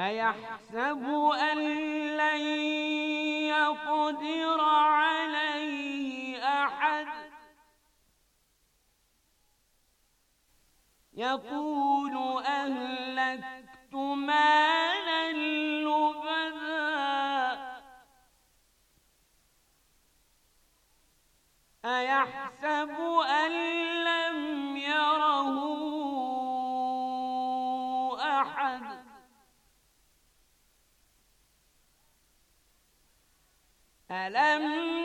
أيحسب أن لن يقدر عليه أحد يقول أهلكت مالا فلما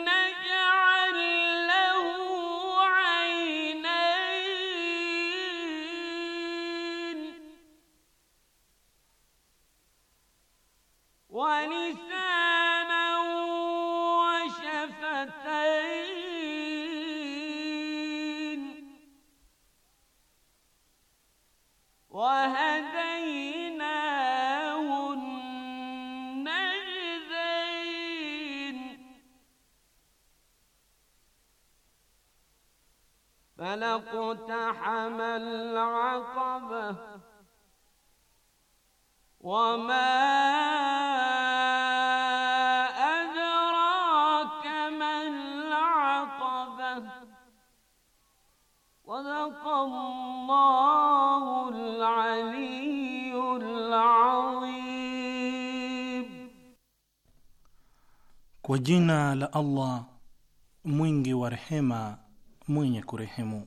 العقبة وما أدراك ما العقبة صدق الله العلي العظيم Kwa jina la Allah mwingi wa rehema mwenye kurehemu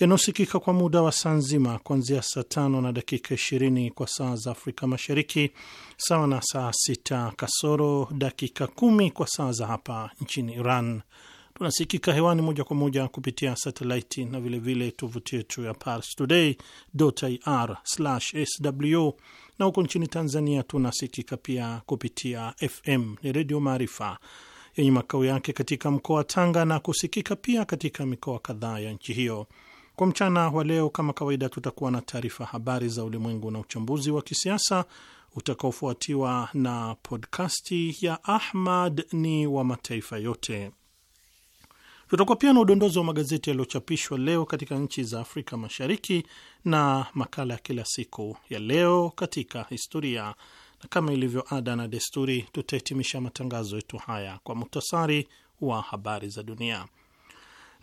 yanayosikika kwa muda wa saa nzima kuanzia saa tano na dakika ishirini kwa saa za Afrika Mashariki, sawa na saa sita kasoro dakika kumi kwa saa za hapa nchini Iran. Tunasikika hewani moja kwa moja kupitia satelaiti na vilevile tovuti yetu ya parstoday.ir/sw, na huko nchini Tanzania tunasikika pia kupitia FM ni Redio Maarifa yenye makao yake katika mkoa wa Tanga na kusikika pia katika mikoa kadhaa ya nchi hiyo. Kwa mchana wa leo, kama kawaida, tutakuwa na taarifa habari za ulimwengu na uchambuzi wa kisiasa utakaofuatiwa na podkasti ya Ahmad ni wa mataifa yote. Tutakuwa pia na udondozi wa magazeti yaliyochapishwa leo katika nchi za Afrika Mashariki na makala ya kila siku ya leo katika historia, na kama ilivyo ada na desturi, tutahitimisha matangazo yetu haya kwa muhtasari wa habari za dunia.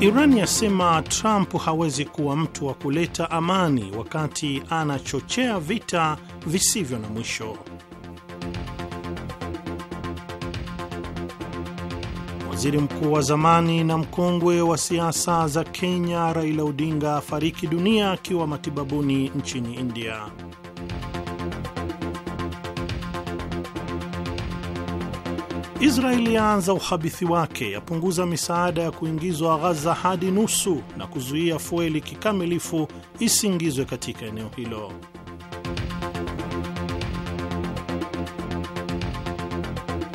Iran yasema Trump hawezi kuwa mtu wa kuleta amani wakati anachochea vita visivyo na mwisho. Waziri mkuu wa zamani na mkongwe wa siasa za Kenya Raila Odinga afariki dunia akiwa matibabuni nchini India. Israeli yaanza uhabithi wake, yapunguza misaada ya kuingizwa Ghaza hadi nusu na kuzuia fueli kikamilifu isiingizwe katika eneo hilo.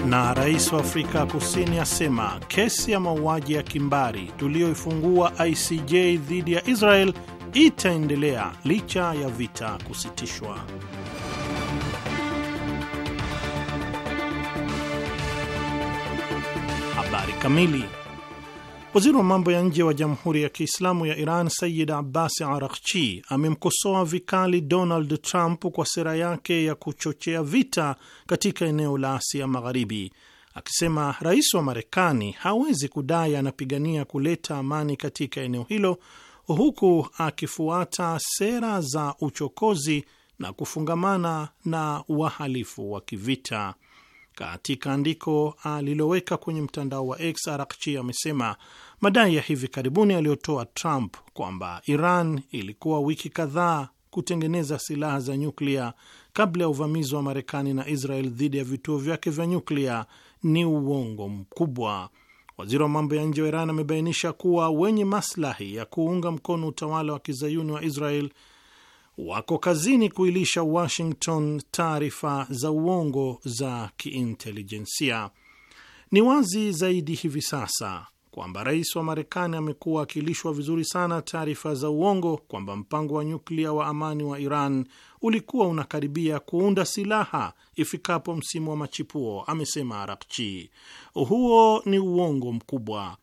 Na rais wa Afrika Kusini asema kesi ya mauaji ya kimbari tuliyoifungua ICJ dhidi ya Israel itaendelea licha ya vita kusitishwa. Habari kamili. Waziri wa mambo ya nje wa Jamhuri ya Kiislamu ya Iran Sayid Abbas Arakchi amemkosoa vikali Donald Trump kwa sera yake ya kuchochea vita katika eneo la Asia Magharibi, akisema rais wa Marekani hawezi kudai anapigania kuleta amani katika eneo hilo huku akifuata sera za uchokozi na kufungamana na wahalifu wa kivita. Katika andiko aliloweka kwenye mtandao wa X, Arakchi amesema madai ya hivi karibuni aliyotoa Trump kwamba Iran ilikuwa wiki kadhaa kutengeneza silaha za nyuklia kabla ya uvamizi wa Marekani na Israel dhidi ya vituo vyake vya nyuklia ni uongo mkubwa. Waziri wa mambo ya nje wa Iran amebainisha kuwa wenye maslahi ya kuunga mkono utawala wa kizayuni wa Israel wako kazini kuilisha Washington taarifa za uongo za kiintelijensia. Ni wazi zaidi hivi sasa kwamba rais wa Marekani amekuwa akilishwa vizuri sana taarifa za uongo kwamba mpango wa nyuklia wa amani wa Iran ulikuwa unakaribia kuunda silaha ifikapo msimu wa machipuo, amesema Arakchi. Huo ni uongo mkubwa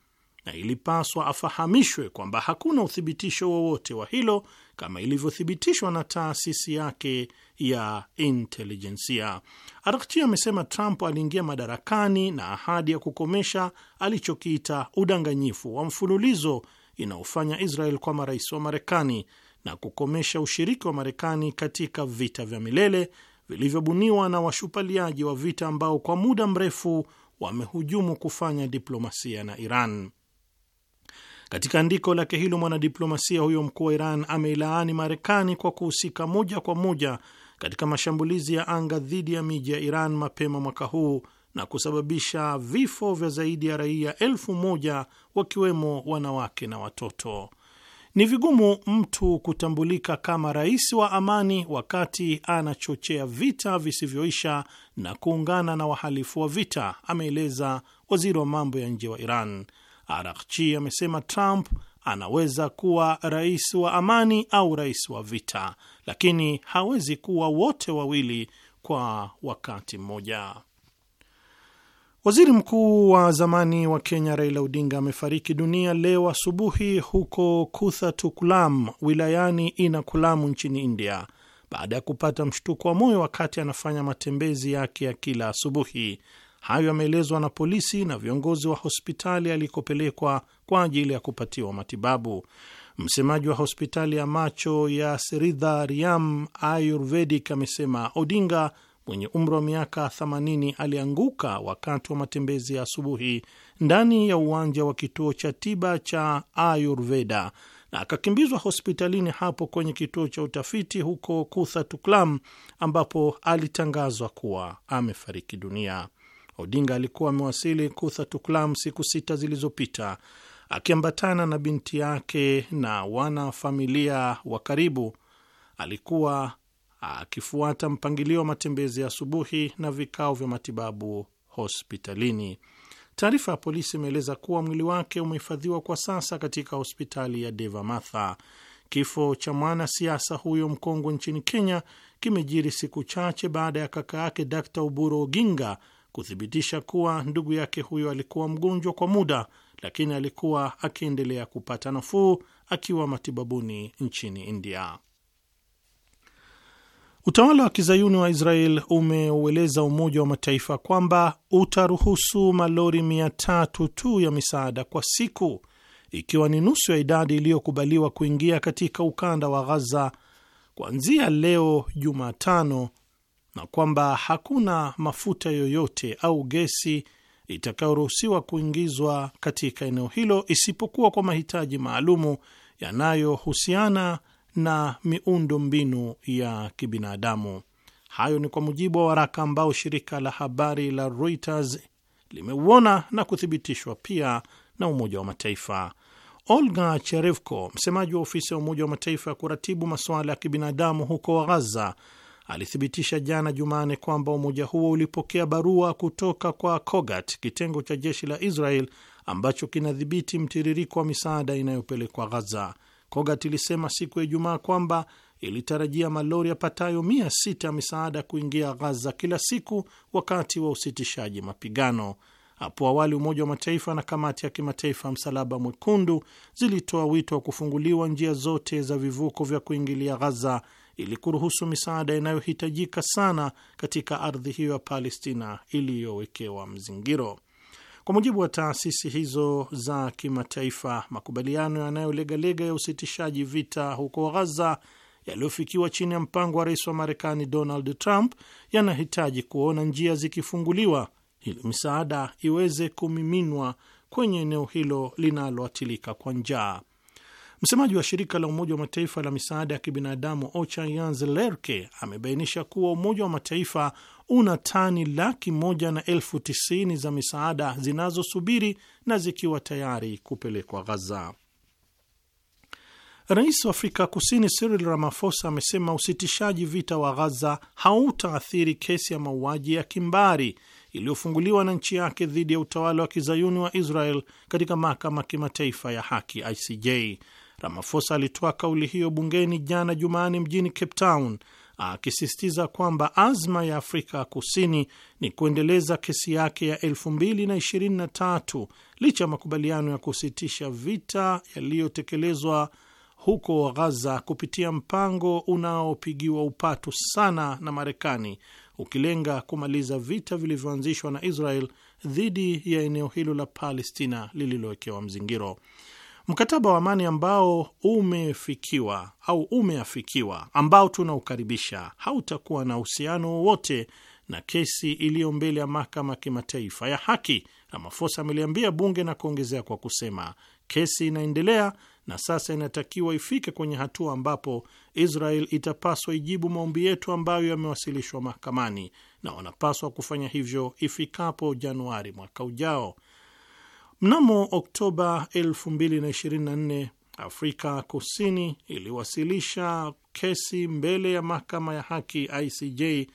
na ilipaswa afahamishwe kwamba hakuna uthibitisho wowote wa hilo kama ilivyothibitishwa na taasisi yake ya intelijensia. Arakchi amesema Trump aliingia madarakani na ahadi ya kukomesha alichokiita udanganyifu wa mfululizo inaofanya Israel kwa marais wa Marekani na kukomesha ushiriki wa Marekani katika vita vya milele vilivyobuniwa na washupaliaji wa vita ambao kwa muda mrefu wamehujumu kufanya diplomasia na Iran. Katika andiko lake hilo, mwanadiplomasia huyo mkuu wa Iran ameilaani Marekani kwa kuhusika moja kwa moja katika mashambulizi ya anga dhidi ya miji ya Iran mapema mwaka huu na kusababisha vifo vya zaidi ya raia elfu moja wakiwemo wanawake na watoto. Ni vigumu mtu kutambulika kama rais wa amani wakati anachochea vita visivyoisha na kuungana na wahalifu wa vita, ameeleza waziri wa mambo ya nje wa Iran. Arakchi amesema Trump anaweza kuwa rais wa amani au rais wa vita, lakini hawezi kuwa wote wawili kwa wakati mmoja. Waziri mkuu wa zamani wa Kenya Raila Odinga amefariki dunia leo asubuhi huko Kuthatukulam wilayani Inakulamu nchini India baada ya kupata mshtuko wa moyo wakati anafanya matembezi yake ya kila asubuhi Hayo yameelezwa na polisi na viongozi wa hospitali alikopelekwa kwa ajili ya kupatiwa matibabu. Msemaji wa hospitali ya macho ya seridha riam Ayurvedic amesema Odinga mwenye umri wa miaka 80 alianguka wakati wa matembezi ya asubuhi ndani ya uwanja wa kituo cha tiba cha Ayurveda na akakimbizwa hospitalini hapo kwenye kituo cha utafiti huko Kuthatuklam ambapo alitangazwa kuwa amefariki dunia. Odinga alikuwa amewasili kutha Tuklam siku sita zilizopita akiambatana na binti yake na wanafamilia wa karibu. Alikuwa akifuata mpangilio wa matembezi ya asubuhi na vikao vya matibabu hospitalini. Taarifa ya polisi imeeleza kuwa mwili wake umehifadhiwa kwa sasa katika hospitali ya Devamatha. Kifo cha mwanasiasa huyo mkongwe nchini Kenya kimejiri siku chache baada ya kaka yake Dr Oburu Oginga kuthibitisha kuwa ndugu yake huyo alikuwa mgonjwa kwa muda, lakini alikuwa akiendelea kupata nafuu akiwa matibabuni nchini India. Utawala wa kizayuni wa Israel umeueleza Umoja wa Mataifa kwamba utaruhusu malori mia tatu tu ya misaada kwa siku, ikiwa ni nusu ya idadi iliyokubaliwa kuingia katika ukanda wa Ghaza kuanzia leo Jumatano na kwamba hakuna mafuta yoyote au gesi itakayoruhusiwa kuingizwa katika eneo hilo isipokuwa kwa mahitaji maalumu yanayohusiana na miundo mbinu ya kibinadamu. Hayo ni kwa mujibu wa waraka ambao shirika la habari la Reuters limeuona na kuthibitishwa pia na Umoja wa Mataifa. Olga Cherevko, msemaji wa ofisi ya Umoja wa Mataifa ya kuratibu masuala ya kibinadamu huko Ghaza, alithibitisha jana Jumane kwamba umoja huo ulipokea barua kutoka kwa COGAT, kitengo cha jeshi la Israel ambacho kinadhibiti mtiririko wa misaada inayopelekwa Ghaza. COGAT ilisema siku ya Ijumaa kwamba ilitarajia malori yapatayo mia sita ya misaada kuingia Ghaza kila siku wakati wa usitishaji mapigano. Hapo awali Umoja wa Mataifa na Kamati ya Kimataifa Msalaba Mwekundu zilitoa wito wa kufunguliwa njia zote za vivuko vya kuingilia Ghaza ili kuruhusu misaada inayohitajika sana katika ardhi hiyo ya Palestina iliyowekewa mzingiro. Kwa mujibu wa taasisi hizo za kimataifa, makubaliano yanayolegalega ya usitishaji vita huko Ghaza yaliyofikiwa chini ya mpango wa rais wa Marekani Donald Trump yanahitaji kuona njia zikifunguliwa ili misaada iweze kumiminwa kwenye eneo hilo linaloatilika kwa njaa. Msemaji wa shirika la Umoja wa Mataifa la misaada ya kibinadamu OCHA Jens Lerke amebainisha kuwa Umoja wa Mataifa una tani laki moja na elfu tisini za misaada zinazosubiri na zikiwa tayari kupelekwa Ghaza. Rais wa Afrika Kusini Cyril Ramaphosa amesema usitishaji vita wa Ghaza hautaathiri kesi ya mauaji ya kimbari iliyofunguliwa na nchi yake dhidi ya utawala wa kizayuni wa Israel katika mahakama kimataifa ya haki ICJ ramafosa alitoa kauli hiyo bungeni jana Jumanne mjini Cape Town, akisisitiza kwamba azma ya Afrika Kusini ni kuendeleza kesi yake ya 2023 licha ya makubaliano ya kusitisha vita yaliyotekelezwa huko Ghaza kupitia mpango unaopigiwa upatu sana na Marekani ukilenga kumaliza vita vilivyoanzishwa na Israel dhidi ya eneo hilo la Palestina lililowekewa mzingiro. Mkataba wa amani ambao umefikiwa au umeafikiwa ambao tunaukaribisha hautakuwa na uhusiano wowote na kesi iliyo mbele ya mahakama kimataifa ya haki, ramafosa ameliambia bunge na kuongezea kwa kusema, kesi inaendelea na sasa inatakiwa ifike kwenye hatua ambapo Israel itapaswa ijibu maombi yetu ambayo yamewasilishwa mahakamani, na wanapaswa kufanya hivyo ifikapo Januari mwaka ujao. Mnamo Oktoba 2024 Afrika Kusini iliwasilisha kesi mbele ya mahakama ya haki ICJ.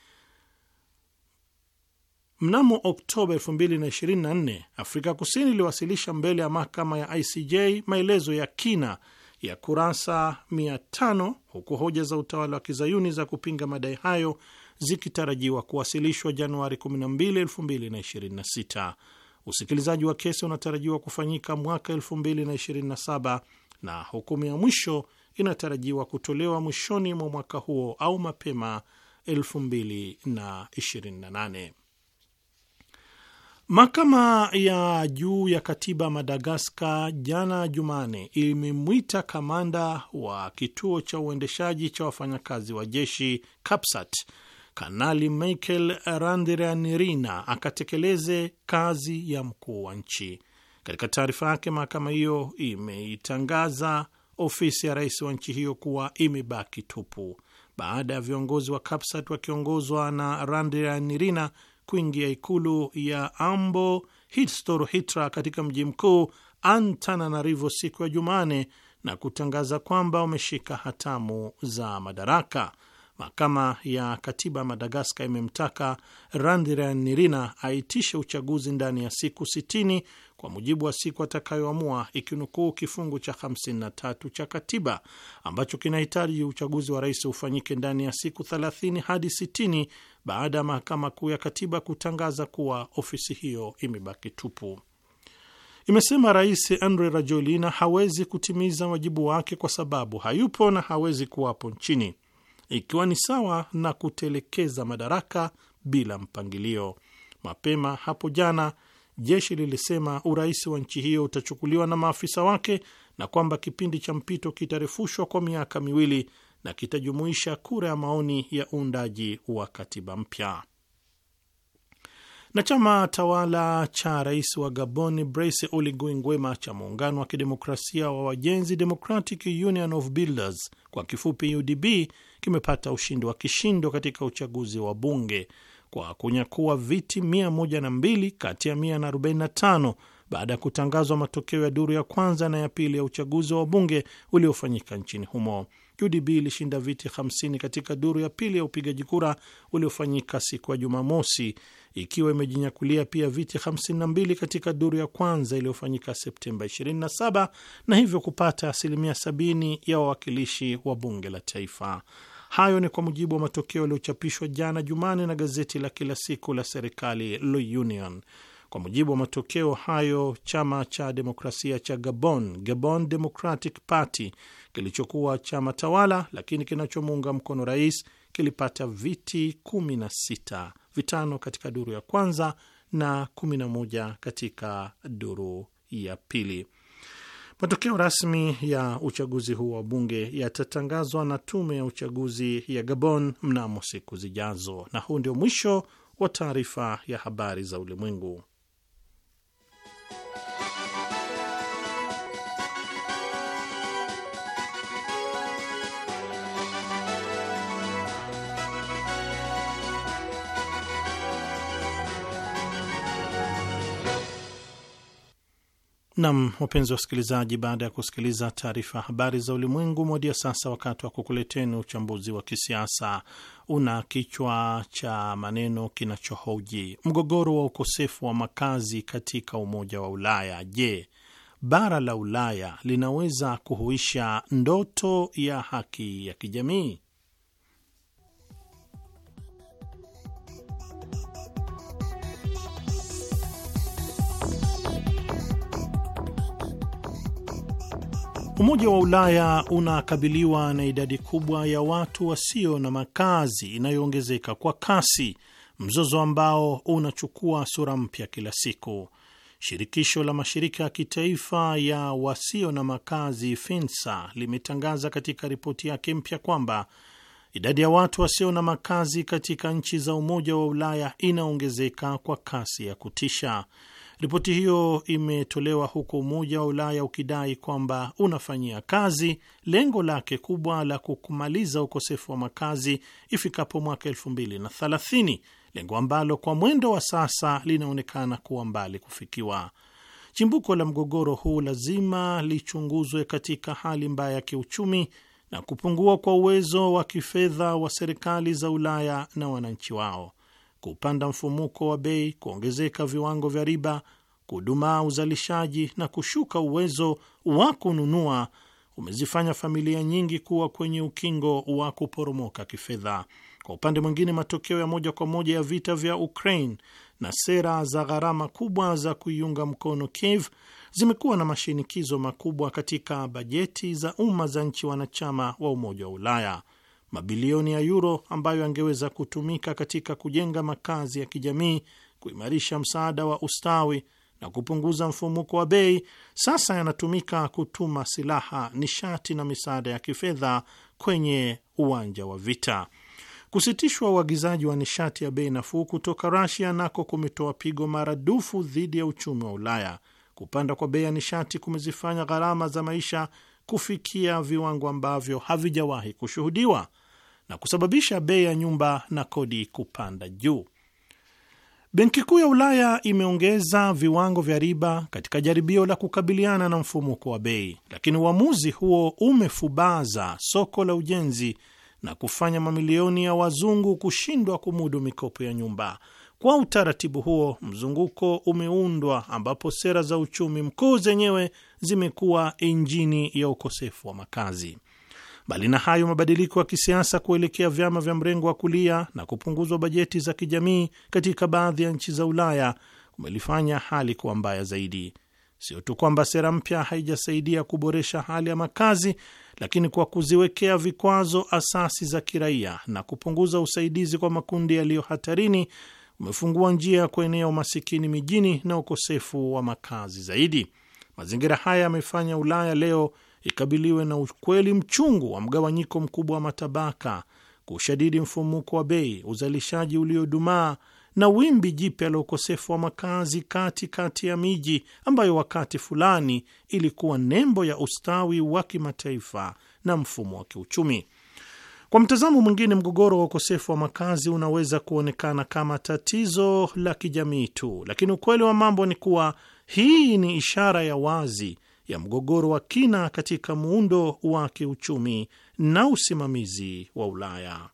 Mnamo Oktoba 2024 Afrika Kusini iliwasilisha mbele ya mahakama ya ICJ maelezo ya kina ya kurasa 500 huku hoja za utawala wa kizayuni za kupinga madai hayo zikitarajiwa kuwasilishwa Januari 12, 2026. Usikilizaji wa kesi unatarajiwa kufanyika mwaka 2027 na hukumu ya mwisho inatarajiwa kutolewa mwishoni mwa mwaka huo au mapema 2028. Mahakama ya juu ya katiba Madagaskar jana Jumane imemwita kamanda wa kituo cha uendeshaji cha wafanyakazi wa jeshi CAPSAT Kanali Michael nirina akatekeleze kazi ya mkuu wa nchi. Katika taarifa yake, mahakama hiyo imeitangaza ofisi ya rais wa nchi hiyo kuwa imebaki tupu baada ya viongozi wa Kapsat wakiongozwa na nirina kuingia ikulu ya Ambo Hitstor-Hitra katika mji mkuu Antananarivo siku ya Jumane na kutangaza kwamba wameshika hatamu za madaraka. Mahakama ya katiba ya Madagaskar imemtaka nirina aitishe uchaguzi ndani ya siku 60 kwa mujibu wa siku atakayoamua, ikinukuu kifungu cha 53 cha katiba ambacho kinahitaji uchaguzi wa rais ufanyike ndani ya siku 30 hadi 60 baada ya mahakama kuu ya katiba kutangaza kuwa ofisi hiyo imebaki tupu. Imesema Rais Andre Rajoelina hawezi kutimiza wajibu wake kwa sababu hayupo na hawezi kuwapo nchini ikiwa ni sawa na kutelekeza madaraka bila mpangilio. Mapema hapo jana jeshi lilisema urais wa nchi hiyo utachukuliwa na maafisa wake na kwamba kipindi cha mpito kitarefushwa kwa miaka miwili na kitajumuisha kura ya maoni ya uundaji wa katiba mpya. Na chama tawala cha rais wa Gabon brace Oligui Nguema cha muungano wa kidemokrasia wa wajenzi Democratic Union of Builders kwa kifupi UDB kimepata ushindi wa kishindo katika uchaguzi wa bunge kwa kunyakua viti 102 kati ya 145 baada ya kutangazwa matokeo ya duru ya kwanza na ya pili ya uchaguzi wa bunge uliofanyika nchini humo udb ilishinda viti 50 katika duru ya pili ya upigaji kura uliofanyika siku ya Jumamosi, ikiwa imejinyakulia pia viti 52 katika duru ya kwanza iliyofanyika Septemba 27 na hivyo kupata asilimia 70 ya wawakilishi wa bunge la taifa. Hayo ni kwa mujibu wa matokeo yaliyochapishwa jana Jumane na gazeti la kila siku la serikali Le Union. Kwa mujibu wa matokeo hayo, chama cha demokrasia cha Gabon, Gabon Democratic Party, kilichokuwa chama tawala lakini kinachomuunga mkono rais kilipata viti 16, vitano katika duru ya kwanza na 11 katika duru ya pili. Matokeo rasmi ya uchaguzi huu wa bunge yatatangazwa na tume ya uchaguzi ya Gabon mnamo siku zijazo. Na huu ndio mwisho wa taarifa ya habari za ulimwengu. Nam, wapenzi wa wasikilizaji, baada ya kusikiliza taarifa habari za ulimwengu ya sasa wakati wa kukuleteni uchambuzi wa kisiasa una kichwa cha maneno kinachohoji mgogoro wa ukosefu wa makazi katika Umoja wa Ulaya. Je, bara la Ulaya linaweza kuhuisha ndoto ya haki ya kijamii? Umoja wa Ulaya unakabiliwa na idadi kubwa ya watu wasio na makazi inayoongezeka kwa kasi, mzozo ambao unachukua sura mpya kila siku. Shirikisho la mashirika ya kitaifa ya wasio na makazi FENSA limetangaza katika ripoti yake mpya kwamba idadi ya watu wasio na makazi katika nchi za Umoja wa Ulaya inaongezeka kwa kasi ya kutisha. Ripoti hiyo imetolewa huko Umoja wa Ulaya ukidai kwamba unafanyia kazi lengo lake kubwa la kumaliza ukosefu wa makazi ifikapo mwaka thalathini, lengo ambalo kwa mwendo wa sasa linaonekana kuwa mbali kufikiwa. Chimbuko la mgogoro huu lazima lichunguzwe katika hali mbaya ya kiuchumi na kupungua kwa uwezo wa kifedha wa serikali za Ulaya na wananchi wao kupanda mfumuko wa bei, kuongezeka viwango vya riba, kudumaa uzalishaji na kushuka uwezo wa kununua umezifanya familia nyingi kuwa kwenye ukingo wa kuporomoka kifedha. Kwa upande mwingine, matokeo ya moja kwa moja ya vita vya Ukraine na sera za gharama kubwa za kuiunga mkono Kiev zimekuwa na mashinikizo makubwa katika bajeti za umma za nchi wanachama wa Umoja wa Ulaya mabilioni ya yuro ambayo yangeweza kutumika katika kujenga makazi ya kijamii, kuimarisha msaada wa ustawi na kupunguza mfumuko wa bei, sasa yanatumika kutuma silaha, nishati na misaada ya kifedha kwenye uwanja wa vita. Kusitishwa uagizaji wa nishati ya bei nafuu kutoka Rasia nako kumetoa pigo maradufu dhidi ya uchumi wa Ulaya. Kupanda kwa bei ya nishati kumezifanya gharama za maisha kufikia viwango ambavyo havijawahi kushuhudiwa na kusababisha bei ya nyumba na kodi kupanda juu. Benki Kuu ya Ulaya imeongeza viwango vya riba katika jaribio la kukabiliana na mfumuko wa bei, lakini uamuzi huo umefubaza soko la ujenzi na kufanya mamilioni ya wazungu kushindwa kumudu mikopo ya nyumba. Kwa utaratibu huo, mzunguko umeundwa ambapo sera za uchumi mkuu zenyewe zimekuwa injini ya ukosefu wa makazi. Mbali na hayo, mabadiliko ya kisiasa kuelekea vyama vya mrengo wa kulia na kupunguzwa bajeti za kijamii katika baadhi ya nchi za Ulaya kumelifanya hali kuwa mbaya zaidi. Sio tu kwamba sera mpya haijasaidia kuboresha hali ya makazi, lakini kwa kuziwekea vikwazo asasi za kiraia na kupunguza usaidizi kwa makundi yaliyo hatarini umefungua njia ya kuenea umasikini mijini na ukosefu wa makazi zaidi. Mazingira haya yamefanya Ulaya leo ikabiliwe na ukweli mchungu wa mgawanyiko mkubwa wa matabaka, kushadidi mfumuko wa bei, uzalishaji uliodumaa na wimbi jipya la ukosefu wa makazi kati kati ya miji ambayo wakati fulani ilikuwa nembo ya ustawi wa kimataifa na mfumo wa kiuchumi. Kwa mtazamo mwingine, mgogoro wa ukosefu wa makazi unaweza kuonekana kama tatizo la kijamii tu, lakini ukweli wa mambo ni kuwa hii ni ishara ya wazi ya mgogoro wa kina katika muundo wa kiuchumi na usimamizi wa Ulaya.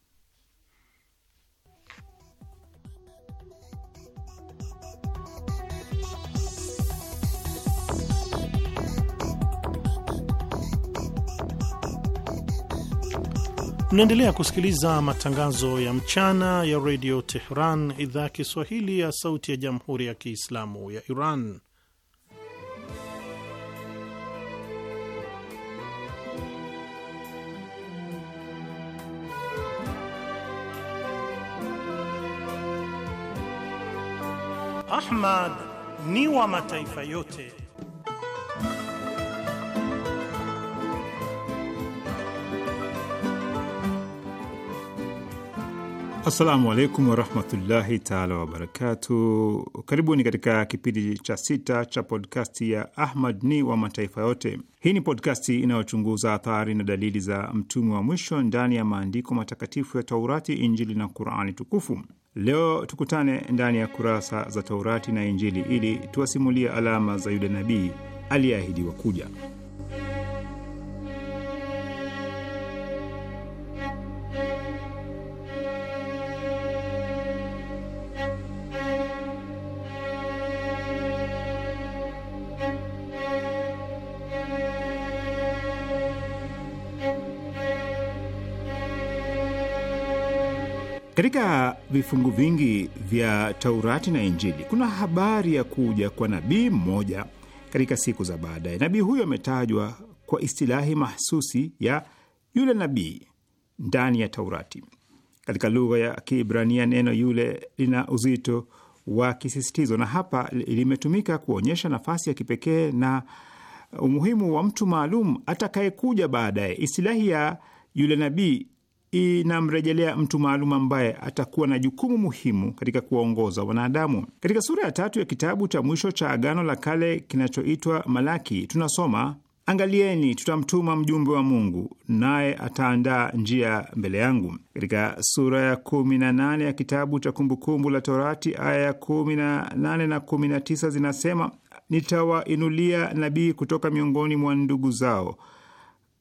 Mnaendelea kusikiliza matangazo ya mchana ya redio Tehran, idhaa ya Kiswahili ya sauti ya jamhuri ya kiislamu ya Iran. Ahmad ni wa mataifa yote. Assalamu alaikum warahmatullahi taala wabarakatu. Karibuni katika kipindi cha sita cha podkasti ya Ahmad ni wa mataifa yote. Hii ni podkasti inayochunguza athari na dalili za mtume wa mwisho ndani ya maandiko matakatifu ya Taurati, Injili na Qurani tukufu. Leo tukutane ndani ya kurasa za Taurati na Injili ili tuwasimulie alama za yule nabii aliyeahidiwa kuja. Katika vifungu vingi vya Taurati na Injili kuna habari ya kuja kwa nabii mmoja katika siku za baadaye. Nabii huyo ametajwa kwa istilahi mahsusi ya yule nabii ndani ya Taurati. Katika lugha ya Kiibrania neno yule lina uzito wa kisisitizo, na hapa limetumika kuonyesha nafasi ya kipekee na umuhimu wa mtu maalum atakayekuja baadaye. Istilahi ya yule nabii inamrejelea mtu maalum ambaye atakuwa na jukumu muhimu katika kuwaongoza wanadamu. Katika sura ya tatu ya kitabu cha mwisho cha Agano la Kale kinachoitwa Malaki tunasoma Angalieni, tutamtuma mjumbe wa Mungu, naye ataandaa njia mbele yangu. Katika sura ya kumi na nane ya kitabu cha Kumbukumbu la Torati, aya ya kumi na nane na kumi na tisa zinasema, nitawainulia nabii kutoka miongoni mwa ndugu zao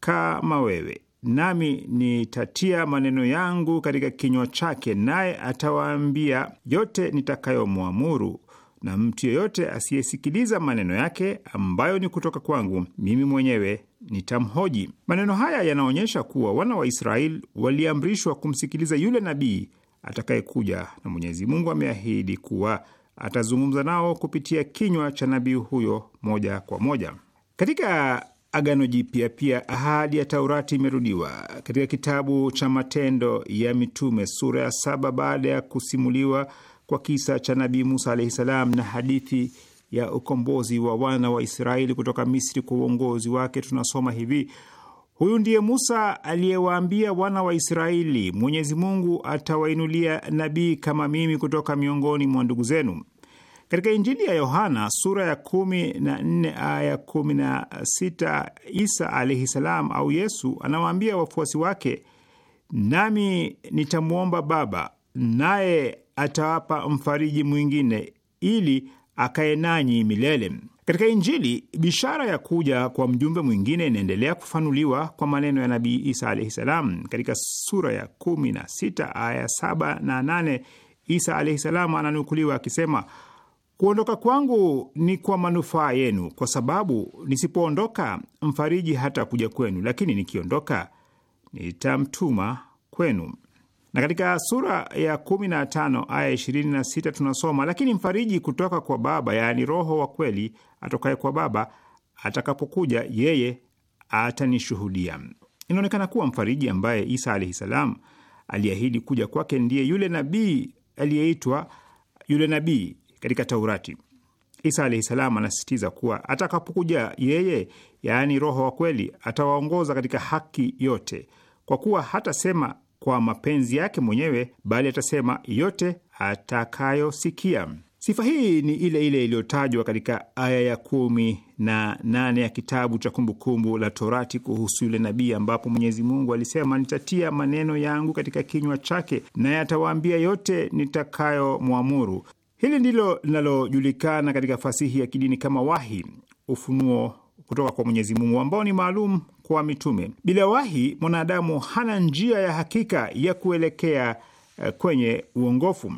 kama wewe, nami nitatia maneno yangu katika kinywa chake, naye atawaambia yote nitakayomwamuru na mtu yeyote asiyesikiliza maneno yake ambayo ni kutoka kwangu mimi mwenyewe nitamhoji. Maneno haya yanaonyesha kuwa wana wa Israeli waliamrishwa kumsikiliza yule nabii atakayekuja, na Mwenyezi Mungu ameahidi kuwa atazungumza nao kupitia kinywa cha nabii huyo moja kwa moja. Katika Agano Jipya pia ahadi ya Taurati imerudiwa katika kitabu cha Matendo ya Mitume sura ya saba baada ya kusimuliwa kwa kisa cha Nabii Musa alahi salam na hadithi ya ukombozi wa wana wa Israeli kutoka Misri kwa uongozi wake, tunasoma hivi: huyu ndiye Musa aliyewaambia wana wa Israeli, Mwenyezi Mungu atawainulia nabii kama mimi kutoka miongoni mwa ndugu zenu. Katika Injili ya Yohana sura ya kumi na nne aya ya kumi na sita Isa alaihi salam au Yesu anawaambia wafuasi wake, nami nitamwomba Baba naye atawapa mfariji mwingine ili akae nanyi milele. Katika Injili bishara ya kuja kwa mjumbe mwingine inaendelea kufanuliwa kwa maneno ya Nabii Isa alaihi salam. Katika sura ya kumi na sita aya saba na nane Isa alaihi salam ananukuliwa akisema Kuondoka kwangu ni kwa manufaa yenu, kwa sababu nisipoondoka mfariji hata kuja kwenu, lakini nikiondoka nitamtuma kwenu. Na katika sura ya 15 aya 26 tunasoma, lakini mfariji kutoka kwa Baba, yaani Roho wa kweli atokaye kwa Baba, atakapokuja yeye atanishuhudia. Inaonekana kuwa mfariji ambaye Isa alahi salam aliahidi kuja kwake ndiye yule nabii aliyeitwa yule nabii katika Taurati. Isa alahi salam anasisitiza kuwa atakapokuja yeye, yaani Roho wa kweli, atawaongoza katika haki yote, kwa kuwa hatasema kwa mapenzi yake mwenyewe, bali atasema yote atakayosikia. Sifa hii ni ile ile iliyotajwa katika aya ya kumi na nane ya kitabu cha Kumbukumbu la Torati kuhusu yule nabii, ambapo Mwenyezi Mungu alisema, nitatia maneno yangu katika kinywa chake, naye atawaambia yote nitakayomwamuru. Hili ndilo linalojulikana katika fasihi ya kidini kama wahi, ufunuo kutoka kwa Mwenyezi Mungu ambao ni maalum kwa mitume. Bila wahi, mwanadamu hana njia ya hakika ya kuelekea eh, kwenye uongofu.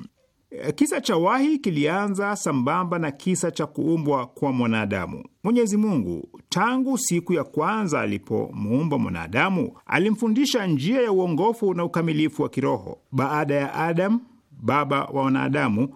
Kisa cha wahi kilianza sambamba na kisa cha kuumbwa kwa mwanadamu. Mwenyezi Mungu tangu siku ya kwanza alipomuumba mwanadamu alimfundisha njia ya uongofu na ukamilifu wa kiroho. Baada ya Adam, baba wa wanadamu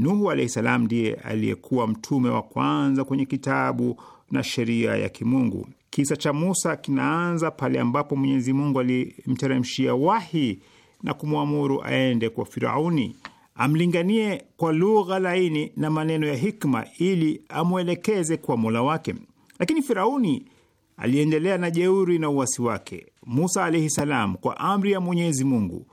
Nuhu alahi salam ndiye aliyekuwa mtume wa kwanza kwenye kitabu na sheria ya Kimungu. Kisa cha Musa kinaanza pale ambapo Mwenyezi Mungu alimteremshia wahi na kumwamuru aende kwa Firauni amlinganie kwa lugha laini na maneno ya hikma ili amwelekeze kwa mola wake, lakini Firauni aliendelea na jeuri na uwasi wake. Musa alaihi salam, kwa amri ya Mwenyezi Mungu,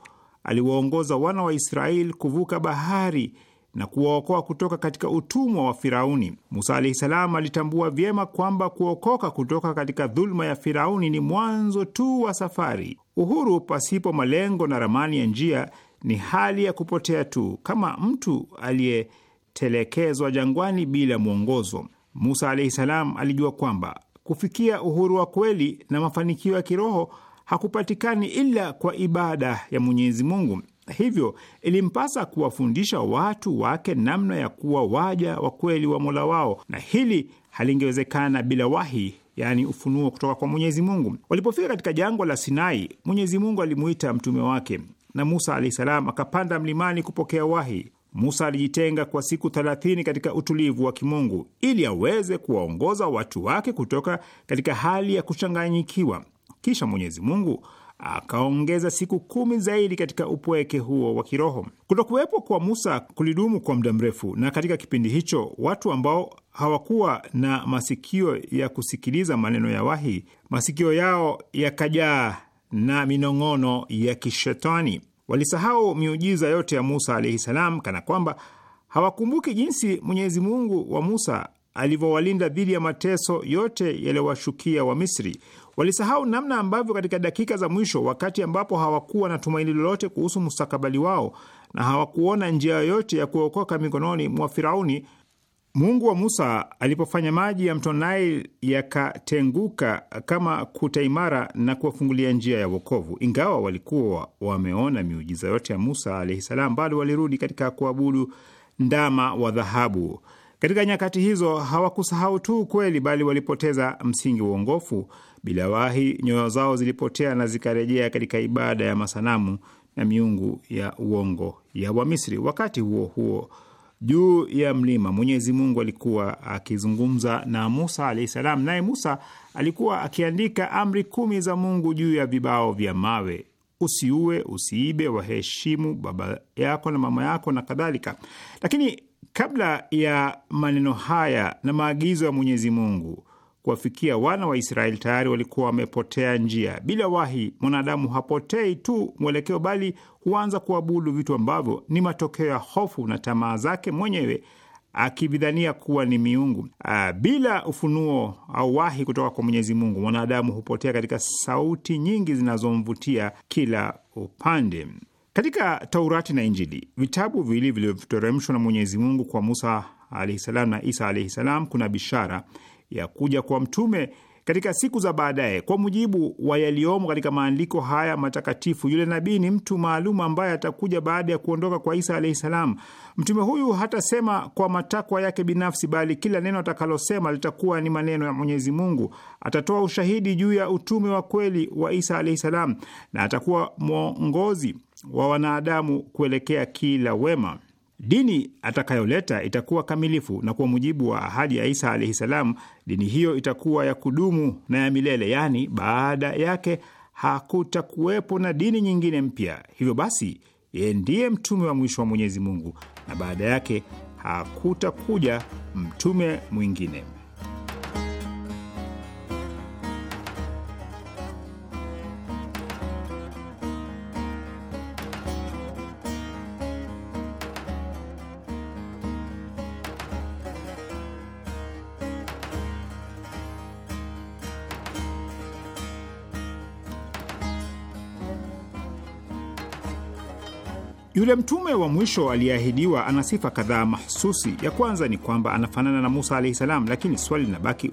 aliwaongoza wana wa Israeli kuvuka bahari na kuwaokoa kutoka katika utumwa wa Firauni. Musa alahi salam alitambua vyema kwamba kuokoka kutoka katika dhuluma ya Firauni ni mwanzo tu wa safari. Uhuru pasipo malengo na ramani ya njia ni hali ya kupotea tu, kama mtu aliyetelekezwa jangwani bila mwongozo. Musa alahi salam alijua kwamba kufikia uhuru wa kweli na mafanikio ya kiroho hakupatikani ila kwa ibada ya Mwenyezi Mungu. Hivyo ilimpasa kuwafundisha watu wake namna ya kuwa waja wa kweli wa Mola wao, na hili halingewezekana bila wahi yaani ufunuo kutoka kwa Mwenyezi Mungu. Walipofika katika jangwa la Sinai, Mwenyezi Mungu alimuita mtume wake na Musa alahi salam akapanda mlimani kupokea wahi. Musa alijitenga kwa siku thelathini katika utulivu wa kimungu ili aweze kuwaongoza watu wake kutoka katika hali ya kuchanganyikiwa. Kisha Mwenyezi Mungu akaongeza siku kumi zaidi katika upweke huo wa kiroho. Kutokuwepo kwa Musa kulidumu kwa muda mrefu, na katika kipindi hicho watu ambao hawakuwa na masikio ya kusikiliza maneno ya wahi, masikio yao yakajaa na minong'ono ya kishetani. Walisahau miujiza yote ya Musa alaihi salam, kana kwamba hawakumbuki jinsi Mwenyezi Mungu wa Musa alivyowalinda dhidi ya mateso yote yaliyowashukia Wamisri. Walisahau namna ambavyo katika dakika za mwisho, wakati ambapo hawakuwa na tumaini lolote kuhusu mustakabali wao na hawakuona njia yoyote ya kuokoka mikononi mwa Firauni, Mungu wa Musa alipofanya maji ya mto Nile yakatenguka kama kuta imara na kuwafungulia njia ya wokovu. Ingawa walikuwa wameona miujiza yote ya Musa alaihi bado walirudi katika kuabudu ndama wa dhahabu. Katika nyakati hizo hawakusahau tu ukweli, bali walipoteza msingi wa uongofu. Bila wahi, nyoyo zao zilipotea na zikarejea katika ibada ya masanamu na miungu ya uongo ya Wamisri. Wakati huo huo, juu ya mlima, Mwenyezi Mungu alikuwa akizungumza na Musa alahi salam, naye Musa alikuwa akiandika amri kumi za Mungu juu ya vibao vya mawe: usiue, usiibe, waheshimu baba yako na mama yako na kadhalika. Lakini Kabla ya maneno haya na maagizo ya Mwenyezi Mungu kuwafikia wana wa Israeli, tayari walikuwa wamepotea njia. Bila wahi, mwanadamu hapotei tu mwelekeo, bali huanza kuabudu vitu ambavyo ni matokeo ya hofu na tamaa zake mwenyewe akividhania kuwa ni miungu. Ah, bila ufunuo au wahi kutoka kwa Mwenyezi Mungu, mwanadamu hupotea katika sauti nyingi zinazomvutia kila upande. Katika Taurati na Injili, vitabu viwili vilivyoteremshwa na Mwenyezi Mungu kwa Musa alaihi salam na Isa alahi salam, kuna bishara ya kuja kwa mtume katika siku za baadaye. Kwa mujibu wa yaliyomo katika maandiko haya matakatifu, yule nabii ni mtu maalum ambaye atakuja baada ya kuondoka kwa Isa alahi salam. Mtume huyu hatasema kwa matakwa yake binafsi, bali kila neno atakalosema litakuwa ni maneno ya Mwenyezi Mungu. Atatoa ushahidi juu ya utume wa kweli wa Isa alahi salam na atakuwa mwongozi wa wanadamu kuelekea kila wema. Dini atakayoleta itakuwa kamilifu, na kwa mujibu wa ahadi ya Isa alaihi salam, dini hiyo itakuwa ya kudumu na ya milele, yaani baada yake hakutakuwepo na dini nyingine mpya. Hivyo basi, yeye ndiye mtume wa mwisho wa Mwenyezi Mungu, na baada yake hakutakuja mtume mwingine. Yule mtume wa mwisho aliyeahidiwa ana sifa kadhaa mahsusi. Ya kwanza ni kwamba anafanana na Musa alahi salam, lakini swali linabaki,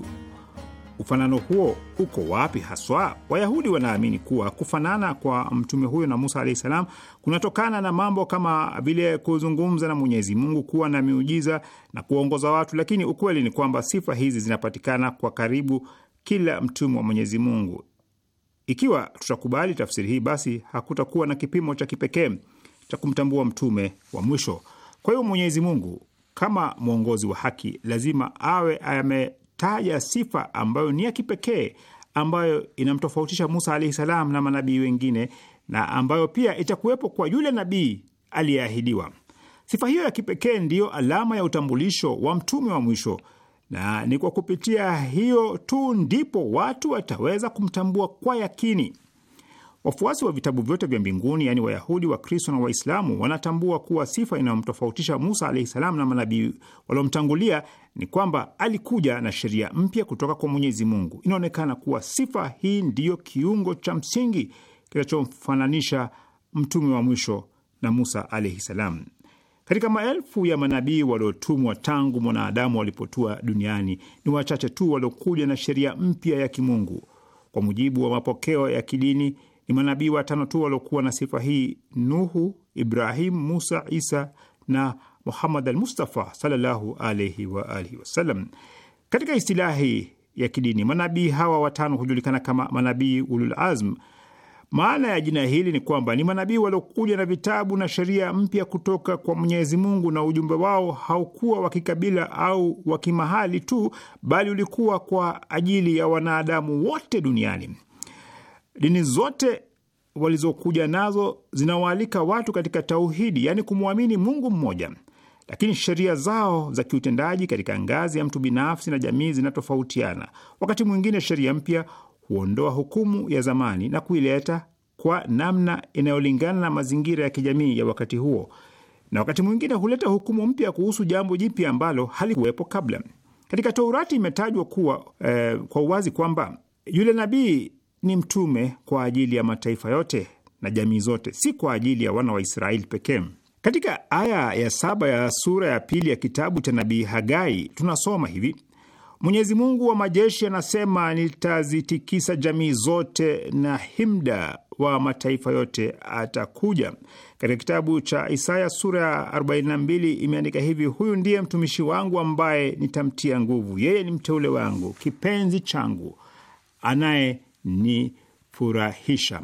ufanano huo uko wapi haswa? Wayahudi wanaamini kuwa kufanana kwa mtume huyo na Musa alahi salam kunatokana na mambo kama vile kuzungumza na Mwenyezi Mungu, kuwa na miujiza na kuongoza watu, lakini ukweli ni kwamba sifa hizi zinapatikana kwa karibu kila mtume wa Mwenyezi Mungu. Ikiwa tutakubali tafsiri hii, basi hakutakuwa na kipimo cha kipekee cha kumtambua mtume wa mwisho. Kwa hiyo Mwenyezi Mungu kama mwongozi wa haki lazima awe ametaja sifa ambayo ni ya kipekee ambayo inamtofautisha Musa alahi salam na manabii wengine na ambayo pia itakuwepo kwa yule nabii aliyeahidiwa. Sifa hiyo ya kipekee ndiyo alama ya utambulisho wa mtume wa mwisho, na ni kwa kupitia hiyo tu ndipo watu wataweza kumtambua kwa yakini. Wafuasi wa vitabu vyote vya mbinguni, yaani Wayahudi, Wakristo na Waislamu, wanatambua kuwa sifa inayomtofautisha Musa alahi salam na manabii waliomtangulia ni kwamba alikuja na sheria mpya kutoka kwa Mwenyezi Mungu. Inaonekana kuwa sifa hii ndiyo kiungo cha msingi kinachomfananisha mtume wa mwisho na Musa alahi salam. Katika maelfu ya manabii waliotumwa tangu mwanadamu walipotua duniani, ni wachache tu waliokuja na sheria mpya ya kimungu. Kwa mujibu wa mapokeo ya kidini ni manabii watano tu waliokuwa na sifa hii: Nuhu, Ibrahim, Musa, Isa na Muhammad al-Mustafa sallallahu alayhi wa alihi wasallam. Katika istilahi ya kidini, manabii hawa watano hujulikana kama manabii ulul azm. Maana ya jina hili ni kwamba ni manabii waliokuja na vitabu na sheria mpya kutoka kwa Mwenyezi Mungu, na ujumbe wao haukuwa wa kikabila au wa kimahali tu, bali ulikuwa kwa ajili ya wanadamu wote duniani. Dini zote walizokuja nazo zinawaalika watu katika tauhidi, yaani kumwamini Mungu mmoja, lakini sheria zao za kiutendaji katika ngazi ya mtu binafsi na jamii zinatofautiana. Wakati mwingine sheria mpya huondoa hukumu ya zamani na kuileta kwa namna inayolingana na mazingira ya kijamii ya wakati huo, na wakati mwingine huleta hukumu mpya kuhusu jambo jipya ambalo halikuwepo kabla. Katika Taurati imetajwa kuwa eh, kwa uwazi kwamba yule nabii ni mtume kwa ajili ya mataifa yote na jamii zote, si kwa ajili ya wana wa Israeli pekee. Katika aya ya saba ya sura ya pili ya kitabu cha nabii Hagai tunasoma hivi: Mwenyezi Mungu wa majeshi anasema, nitazitikisa jamii zote na himda wa mataifa yote atakuja. Katika kitabu cha Isaya sura ya 42 imeandika hivi, huyu ndiye mtumishi wangu ambaye nitamtia nguvu, yeye ni mteule wangu, kipenzi changu, anaye kunifurahisha.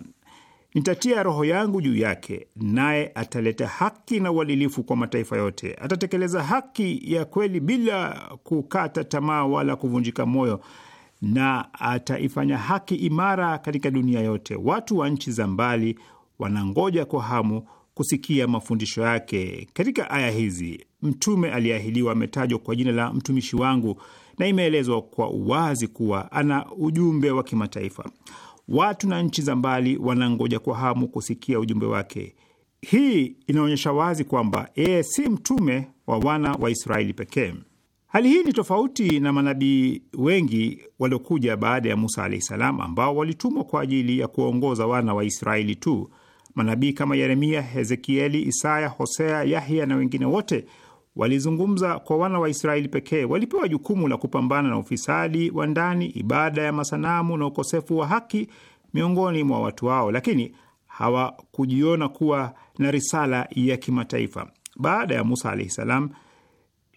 Nitatia roho yangu juu yake, naye ataleta haki na uadilifu kwa mataifa yote. Atatekeleza haki ya kweli bila kukata tamaa wala kuvunjika moyo, na ataifanya haki imara katika dunia yote. Watu wa nchi za mbali wanangoja kwa hamu kusikia mafundisho yake. Katika aya hizi, mtume aliyeahidiwa ametajwa kwa jina la mtumishi wangu na imeelezwa kwa uwazi kuwa ana ujumbe wa kimataifa. Watu na nchi za mbali wanangoja kwa hamu kusikia ujumbe wake. Hii inaonyesha wazi kwamba yeye si mtume wa wana wa Israeli pekee. Hali hii ni tofauti na manabii wengi waliokuja baada ya Musa alahi salam, ambao walitumwa kwa ajili ya kuwaongoza wana wa Israeli tu. Manabii kama Yeremia, Hezekieli, Isaya, Hosea, Yahya na wengine wote walizungumza kwa wana wa Israeli pekee. Walipewa jukumu la kupambana na ufisadi wa ndani, ibada ya masanamu na ukosefu wa haki miongoni mwa watu wao, lakini hawakujiona kuwa na risala ya kimataifa. Baada ya Musa alaihi salam,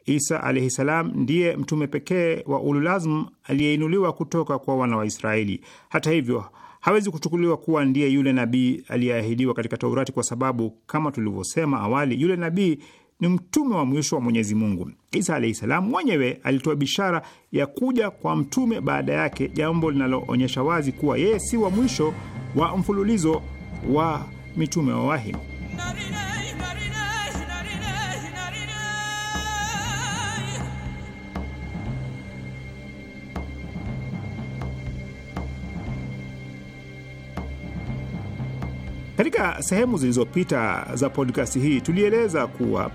Isa alaihi salam ndiye mtume pekee wa ululazm aliyeinuliwa kutoka kwa wana wa Israeli. Hata hivyo hawezi kuchukuliwa kuwa ndiye yule nabii aliyeahidiwa katika Taurati kwa sababu kama tulivyosema awali, yule nabii ni mtume wa mwisho wa Mwenyezi Mungu. Isa alahi salam mwenyewe alitoa bishara ya kuja kwa mtume baada yake, jambo linaloonyesha wazi kuwa yeye si wa mwisho wa mfululizo wa mitume wa wahi. Katika sehemu zilizopita za podkasti hii tulieleza kuwa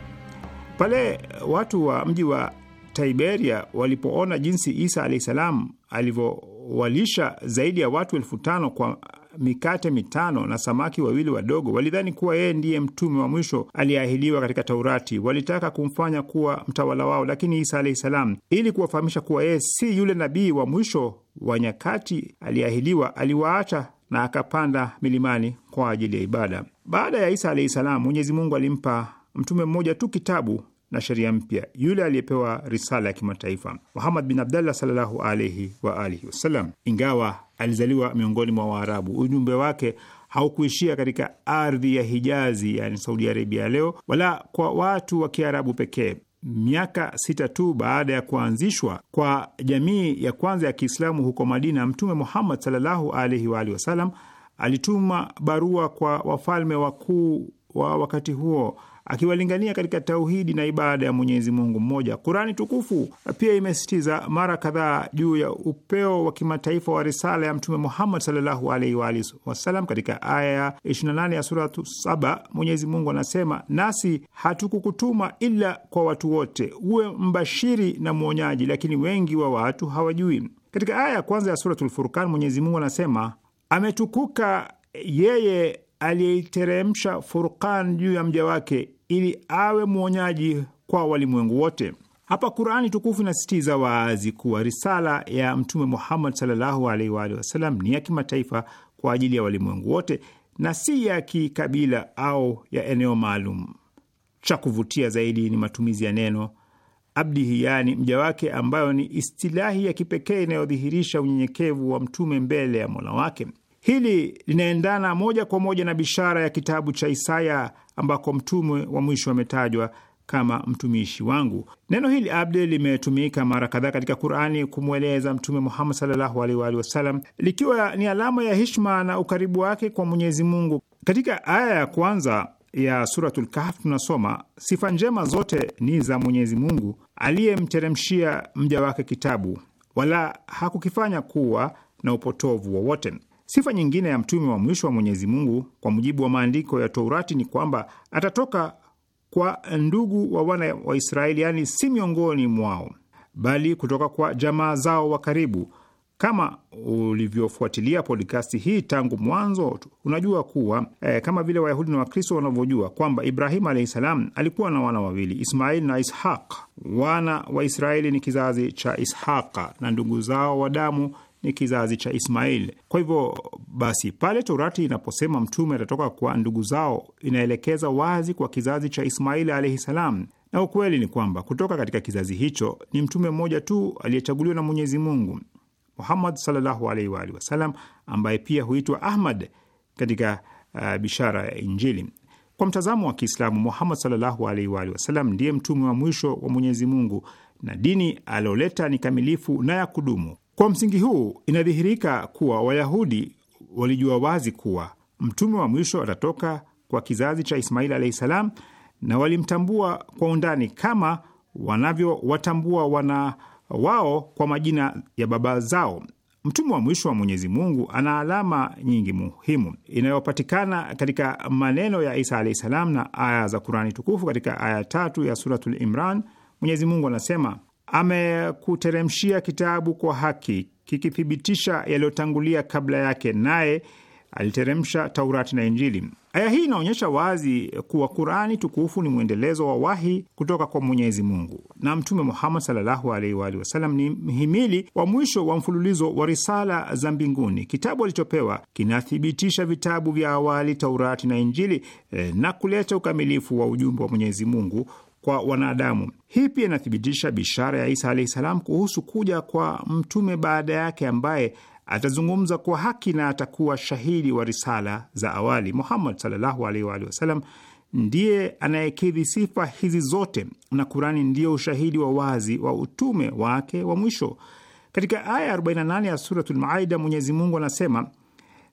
pale eh, watu wa mji wa Tiberia walipoona jinsi Isa alahi salam alivyowalisha zaidi ya watu elfu tano kwa mikate mitano na samaki wawili wadogo, walidhani kuwa yeye ndiye mtume wa mwisho aliyeahidiwa katika Taurati. Walitaka kumfanya kuwa mtawala wao, lakini Isa alahi salam, ili kuwafahamisha kuwa yeye si yule nabii wa mwisho wa nyakati aliyeahidiwa, aliwaacha na akapanda milimani kwa ajili ya ibada. Baada ya Isa alahi salam, Mwenyezi Mungu alimpa mtume mmoja tu kitabu na sheria mpya, yule aliyepewa risala ya kimataifa Muhammad bin Abdallah sallallahu alaihi wa alihi wasallam. Ingawa alizaliwa miongoni mwa Waarabu, ujumbe wake haukuishia katika ardhi ya Hijazi, yani Saudi Arabia leo, wala kwa watu wa Kiarabu pekee. Miaka sita tu baada ya kuanzishwa kwa jamii ya kwanza ya Kiislamu huko Madina, Mtume Muhammad sallallahu alaihi wa alihi wasallam alituma barua kwa wafalme wakuu wa wakati huo akiwalingania katika tauhidi na ibada ya Mwenyezi Mungu mmoja. Kurani tukufu pia imesitiza mara kadhaa juu ya upeo wa kimataifa wa risala ya Mtume Muhammad sallallahu alaihi wa alihi wasallam. Katika aya ya 28 ya suratu 7 Mwenyezi Mungu anasema, nasi hatukukutuma ila kwa watu wote, uwe mbashiri na mwonyaji, lakini wengi wa watu hawajui. Katika aya ya kwanza ya suratul Furqan Mwenyezi Mungu anasema, ametukuka yeye aliyeiteremsha Furqan juu ya mja wake ili awe mwonyaji kwa walimwengu wote. Hapa Qurani tukufu inasisitiza waazi kuwa risala ya Mtume Muhammad sallallahu alaihi wa alihi wasallam ni ya kimataifa kwa ajili ya walimwengu wote na si ya kikabila au ya eneo maalum. Cha kuvutia zaidi ni matumizi ya neno abdihi, yaani mja wake, ambayo ni istilahi ya kipekee inayodhihirisha unyenyekevu wa mtume mbele ya mola wake. Hili linaendana moja kwa moja na bishara ya kitabu cha Isaya ambako mtume wa mwisho ametajwa kama mtumishi wangu. Neno hili abdi limetumika mara kadhaa katika Qurani kumweleza Mtume Muhammad sallallahu alaihi wa alihi wasallam, likiwa ni alama ya hishma na ukaribu wake kwa Mwenyezi Mungu. Katika aya ya kwanza ya Suratul Kahf tunasoma, sifa njema zote ni za Mwenyezi Mungu aliyemteremshia mja wake kitabu, wala hakukifanya kuwa na upotovu wowote. Sifa nyingine ya mtume wa mwisho wa Mwenyezi Mungu kwa mujibu wa maandiko ya Taurati ni kwamba atatoka kwa ndugu wa wana wa Israeli, yaani si miongoni mwao, bali kutoka kwa jamaa zao wa karibu. Kama ulivyofuatilia podkasti hii tangu mwanzo, unajua kuwa eh, kama vile Wayahudi na Wakristo wanavyojua kwamba ibrahimu alahi salam alikuwa na wana wawili, Ismail na Ishaq. Wana wa Israeli ni kizazi cha Ishaqa na ndugu zao wa damu ni kizazi cha Ismail. Kwa hivyo basi, pale Torati inaposema mtume atatoka kwa ndugu zao, inaelekeza wazi kwa kizazi cha Ismail alaihi salam, na ukweli ni kwamba kutoka katika kizazi hicho ni mtume mmoja tu aliyechaguliwa na Mwenyezi Mungu, Muhammad sallallahu alaihi wa alihi wasallam, ambaye pia huitwa Ahmad katika uh, bishara ya Injili. Kwa mtazamo wa Kiislamu, Muhammad sallallahu alaihi wa alihi wasallam ndiye mtume wa mwisho wa Mwenyezi Mungu na dini aliyoleta ni kamilifu na ya kudumu. Kwa msingi huu inadhihirika kuwa Wayahudi walijua wazi kuwa mtume wa mwisho atatoka kwa kizazi cha Ismaili alahi salam, na walimtambua kwa undani kama wanavyowatambua wana wao kwa majina ya baba zao. Mtume wa mwisho wa Mwenyezi Mungu ana alama nyingi muhimu inayopatikana katika maneno ya Isa alahi salam na aya za Kurani tukufu. Katika aya tatu ya Suratul Imran, Mwenyezi Mungu anasema amekuteremshia kitabu kwa haki kikithibitisha yaliyotangulia kabla yake, naye aliteremsha Taurati na Injili. Aya hii inaonyesha wazi kuwa Qurani tukufu ni mwendelezo wa wahi kutoka kwa Mwenyezi Mungu, na Mtume Muhammad sallallahu alaihi wa alihi wasallam ni mhimili wa mwisho wa mfululizo wa risala za mbinguni. Kitabu alichopewa kinathibitisha vitabu vya awali, Taurati na Injili, eh, na kuleta ukamilifu wa ujumbe wa Mwenyezi Mungu kwa wanadamu. Hii pia inathibitisha bishara ya Isa alahi salam kuhusu kuja kwa mtume baada yake ambaye atazungumza kwa haki na atakuwa shahidi wa risala za awali. Muhammad sallallahu alaihi wa alihi wasallam ndiye anayekidhi sifa hizi zote na Kurani ndiyo ushahidi wa wazi wa utume wake wa mwisho. Katika aya 48 ya Suratul Maida, Mwenyezi Mungu anasema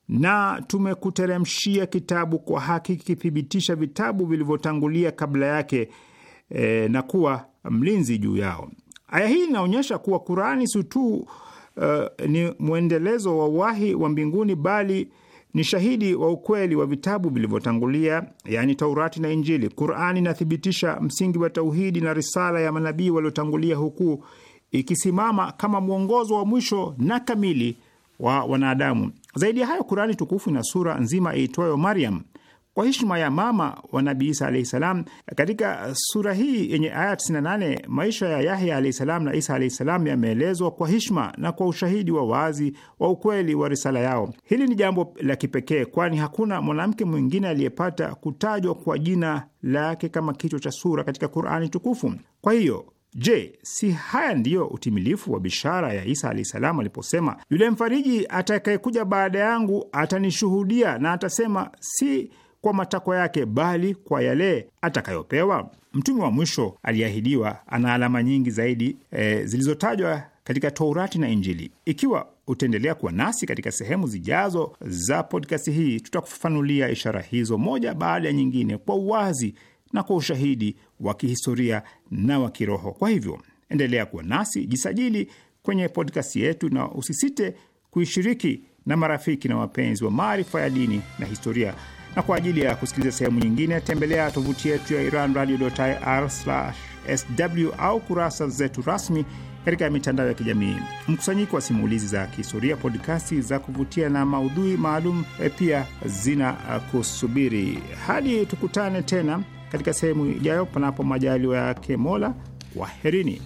na tumekuteremshia kitabu kwa haki kikithibitisha vitabu vilivyotangulia kabla yake e, na kuwa mlinzi juu yao. Aya hii inaonyesha kuwa Qurani si tu uh, ni mwendelezo wa wahi wa mbinguni bali ni shahidi wa ukweli wa vitabu vilivyotangulia, yaani Taurati na Injili. Qurani inathibitisha msingi wa tauhidi na risala ya manabii waliotangulia, huku ikisimama kama mwongozo wa mwisho na kamili wa wanadamu. Zaidi ya hayo, Qurani tukufu ina sura nzima iitwayo Mariam kwa heshima ya mama wa Nabii Isa alahi salam. Katika sura hii yenye aya 98 maisha ya Yahya alahi salam na Isa alahi salam yameelezwa kwa heshima na kwa ushahidi wa wazi wa ukweli wa risala yao. Hili ni jambo la kipekee, kwani hakuna mwanamke mwingine aliyepata kutajwa kwa jina lake kama kichwa cha sura katika Qurani tukufu. Kwa hiyo Je, si haya ndiyo utimilifu wa bishara ya Isa alahi salam aliposema, yule mfariji atakayekuja baada yangu atanishuhudia na atasema si kwa matakwa yake, bali kwa yale atakayopewa. Mtume wa mwisho aliyeahidiwa ana alama nyingi zaidi e, zilizotajwa katika Taurati na Injili. Ikiwa utaendelea kuwa nasi katika sehemu zijazo za podkasti hii, tutakufafanulia ishara hizo moja baada ya nyingine kwa uwazi na kwa ushahidi wa kihistoria na wa kiroho. Kwa hivyo endelea kuwa nasi, jisajili kwenye podkasti yetu na usisite kuishiriki na marafiki na wapenzi wa maarifa ya dini na historia na kwa ajili ya kusikiliza sehemu nyingine tembelea tovuti yetu ya iranradio.ir/sw au kurasa zetu rasmi katika mitandao ya kijamii. Mkusanyiko wa simulizi za kihistoria, podkasti za kuvutia na maudhui maalum eh, pia zina eh, kusubiri. Hadi tukutane tena katika sehemu ijayo, panapo majaliwa yake Mola. Waherini.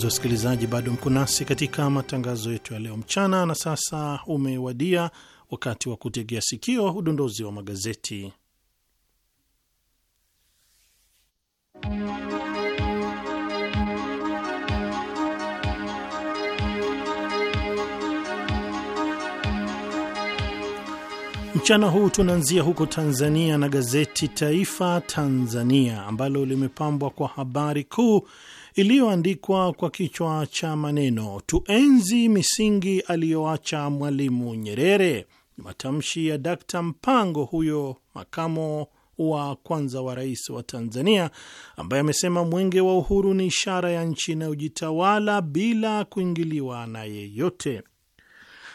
Wapenzi wasikilizaji, bado mko nasi katika matangazo yetu ya leo mchana, na sasa umewadia wakati wa kutegea sikio udondozi wa magazeti. Mchana huu tunaanzia huko Tanzania na gazeti Taifa Tanzania ambalo limepambwa kwa habari kuu iliyoandikwa kwa kichwa cha maneno tuenzi misingi aliyoacha Mwalimu Nyerere. Ni matamshi ya Dkt. Mpango, huyo makamo wa kwanza wa rais wa Tanzania, ambaye amesema mwenge wa uhuru ni ishara ya nchi inayojitawala bila kuingiliwa na yeyote.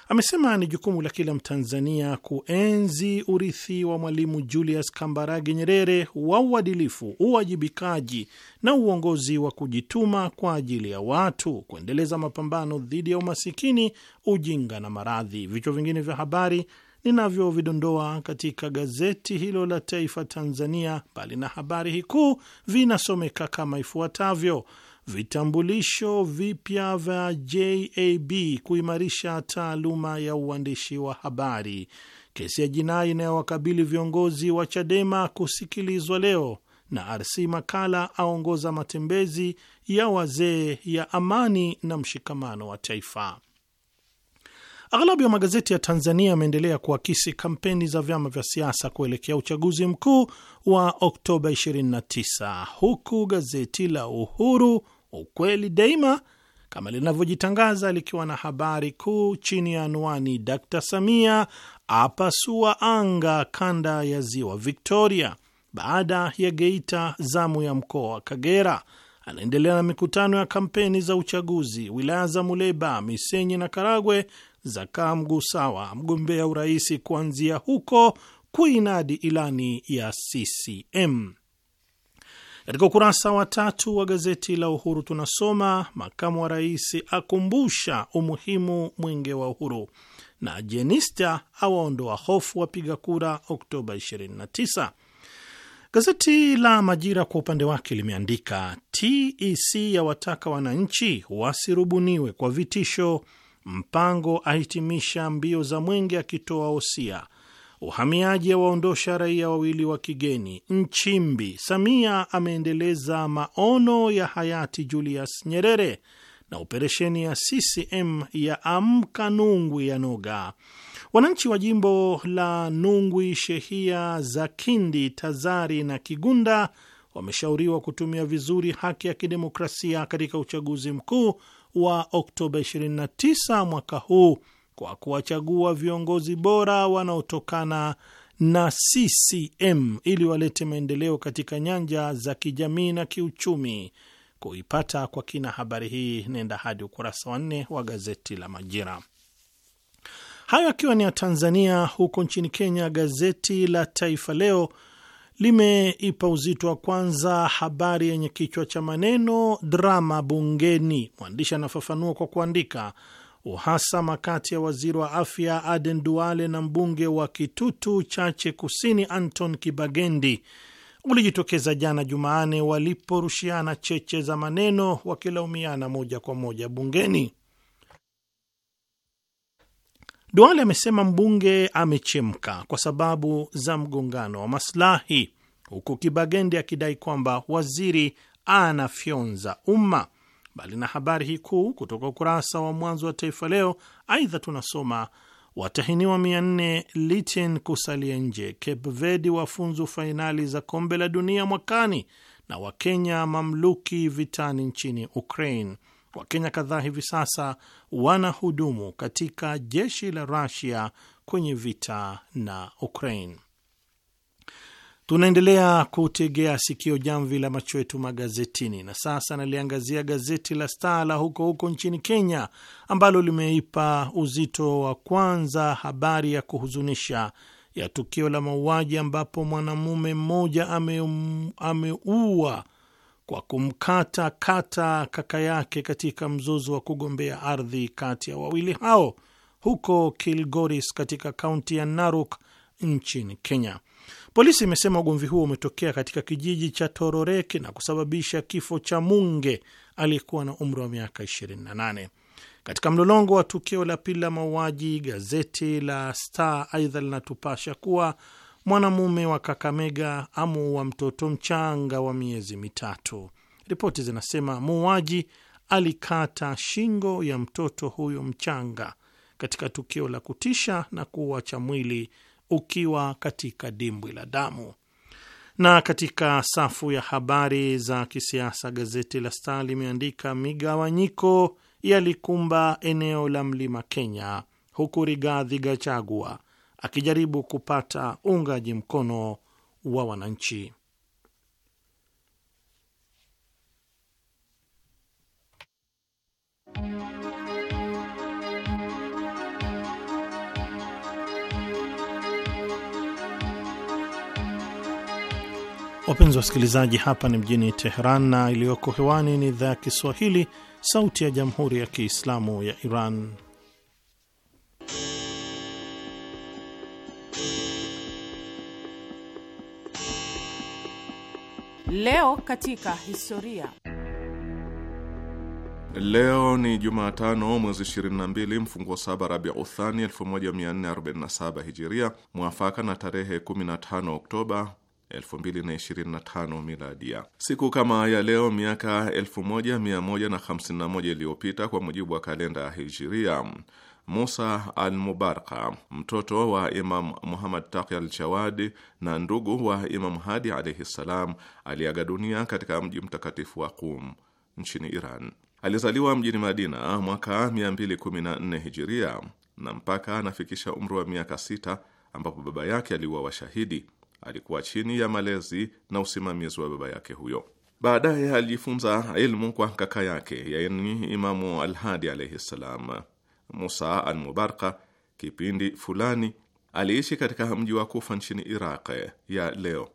Amesema ni jukumu la kila Mtanzania kuenzi urithi wa Mwalimu Julius Kambarage Nyerere wa uadilifu, uwajibikaji na uongozi wa kujituma kwa ajili ya watu, kuendeleza mapambano dhidi ya umasikini, ujinga na maradhi. Vichwa vingine vya habari ninavyovidondoa katika gazeti hilo la Taifa Tanzania, mbali na habari hii kuu, vinasomeka kama ifuatavyo: vitambulisho vipya vya JAB kuimarisha taaluma ya uandishi wa habari, kesi ya jinai inayowakabili viongozi wa Chadema kusikilizwa leo, na RC Makala aongoza matembezi ya wazee ya amani na mshikamano wa taifa. Aghalabu ya magazeti ya Tanzania yameendelea kuakisi kampeni za vyama vya siasa kuelekea uchaguzi mkuu wa Oktoba 29 huku gazeti la Uhuru ukweli daima, kama linavyojitangaza likiwa na habari kuu chini ya anwani Dkt Samia apasua anga kanda ya ziwa Victoria. Baada ya Geita, zamu ya mkoa wa Kagera anaendelea na mikutano ya kampeni za uchaguzi wilaya za Muleba, Misenyi na Karagwe za kaa mguu sawa, mgombea urais kuanzia huko kuinadi ilani ya CCM. Katika ukurasa wa tatu wa gazeti la Uhuru tunasoma makamu wa rais akumbusha umuhimu mwenge wa uhuru, na Jenista awaondoa hofu wapiga kura Oktoba 29. Gazeti la Majira kwa upande wake limeandika TEC yawataka wananchi wasirubuniwe kwa vitisho, Mpango ahitimisha mbio za mwenge akitoa hosia uhamiaji awaondosha raia wawili wa kigeni, Nchimbi, Samia ameendeleza maono ya hayati Julius Nyerere, na operesheni ya CCM ya amka Nungwi ya noga. Wananchi wa jimbo la Nungwi, shehia za Kindi, Tazari na Kigunda wameshauriwa kutumia vizuri haki ya kidemokrasia katika uchaguzi mkuu wa Oktoba 29 mwaka huu kwa kuwachagua viongozi bora wanaotokana na CCM ili walete maendeleo katika nyanja za kijamii na kiuchumi. Kuipata kwa kina habari hii, nenda hadi ukurasa wa nne wa gazeti la Majira. Hayo akiwa ni ya Tanzania. Huko nchini Kenya, gazeti la Taifa Leo limeipa uzito wa kwanza habari yenye kichwa cha maneno drama bungeni. Mwandishi anafafanua kwa kuandika uhasama kati ya waziri wa afya Aden Duale na mbunge wa Kitutu Chache Kusini Anton Kibagendi ulijitokeza jana Jumanne waliporushiana cheche za maneno wakilaumiana moja kwa moja bungeni. Duale amesema mbunge amechemka kwa sababu za mgongano wa maslahi, huku Kibagendi akidai kwamba waziri anafyonza umma. Mbali na habari hii kuu kutoka ukurasa wa mwanzo wa Taifa Leo, aidha tunasoma watahiniwa 400 Litin kusalia nje, Cape Verde wafunzu fainali za kombe la dunia mwakani, na Wakenya mamluki vitani nchini Ukraine. Wakenya kadhaa hivi sasa wanahudumu katika jeshi la Rusia kwenye vita na Ukraine. Tunaendelea kutegea sikio jamvi la macho yetu magazetini, na sasa naliangazia gazeti la Star la huko huko nchini Kenya, ambalo limeipa uzito wa kwanza habari ya kuhuzunisha ya tukio la mauaji ambapo mwanamume mmoja ameua kwa kumkata kata kaka yake katika mzozo wa kugombea ardhi kati ya wawili hao huko Kilgoris katika kaunti ya Narok nchini Kenya. Polisi imesema ugomvi huo umetokea katika kijiji cha Tororeki na kusababisha kifo cha Munge aliyekuwa na umri wa miaka 28. Katika mlolongo wa tukio la pili la mauaji, gazeti la Star aidha linatupasha kuwa mwanamume wa Kakamega amuua mtoto mchanga wa miezi mitatu. Ripoti zinasema muuaji alikata shingo ya mtoto huyo mchanga katika tukio la kutisha na kuacha mwili ukiwa katika dimbwi la damu. Na katika safu ya habari za kisiasa, gazeti la Star limeandika migawanyiko yalikumba eneo la mlima Kenya, huku Rigathi Gachagua akijaribu kupata uungaji mkono wa wananchi. Wapenzi wasikilizaji, hapa ni mjini Teheran na iliyoko hewani ni idhaa ya Kiswahili, Sauti ya Jamhuri ya Kiislamu ya Iran. Leo katika historia. Leo ni Jumatano, mwezi 22 mfunguo 7 Rabi Uthani 1447 Hijiria, mwafaka na tarehe 15 Oktoba 2025 miladia. Siku kama ya leo miaka 1151 iliyopita kwa mujibu wa kalenda ya Hijiria, Musa al-Mubarka mtoto wa Imam Muhammad Taqi al-Jawadi na ndugu wa Imam Hadi alayhi salam aliaga dunia katika mji mtakatifu wa Qum nchini Iran. Alizaliwa mjini Madina mwaka 214 Hijiria na mpaka anafikisha umri wa miaka sita ambapo baba yake aliwa washahidi alikuwa chini ya malezi na usimamizi wa baba yake huyo. Baadaye alijifunza ilmu kwa kaka yake, yaani Imamu Alhadi alaihi ssalam. Musa Almubarka kipindi fulani aliishi katika mji wa Kufa nchini Iraq ya leo,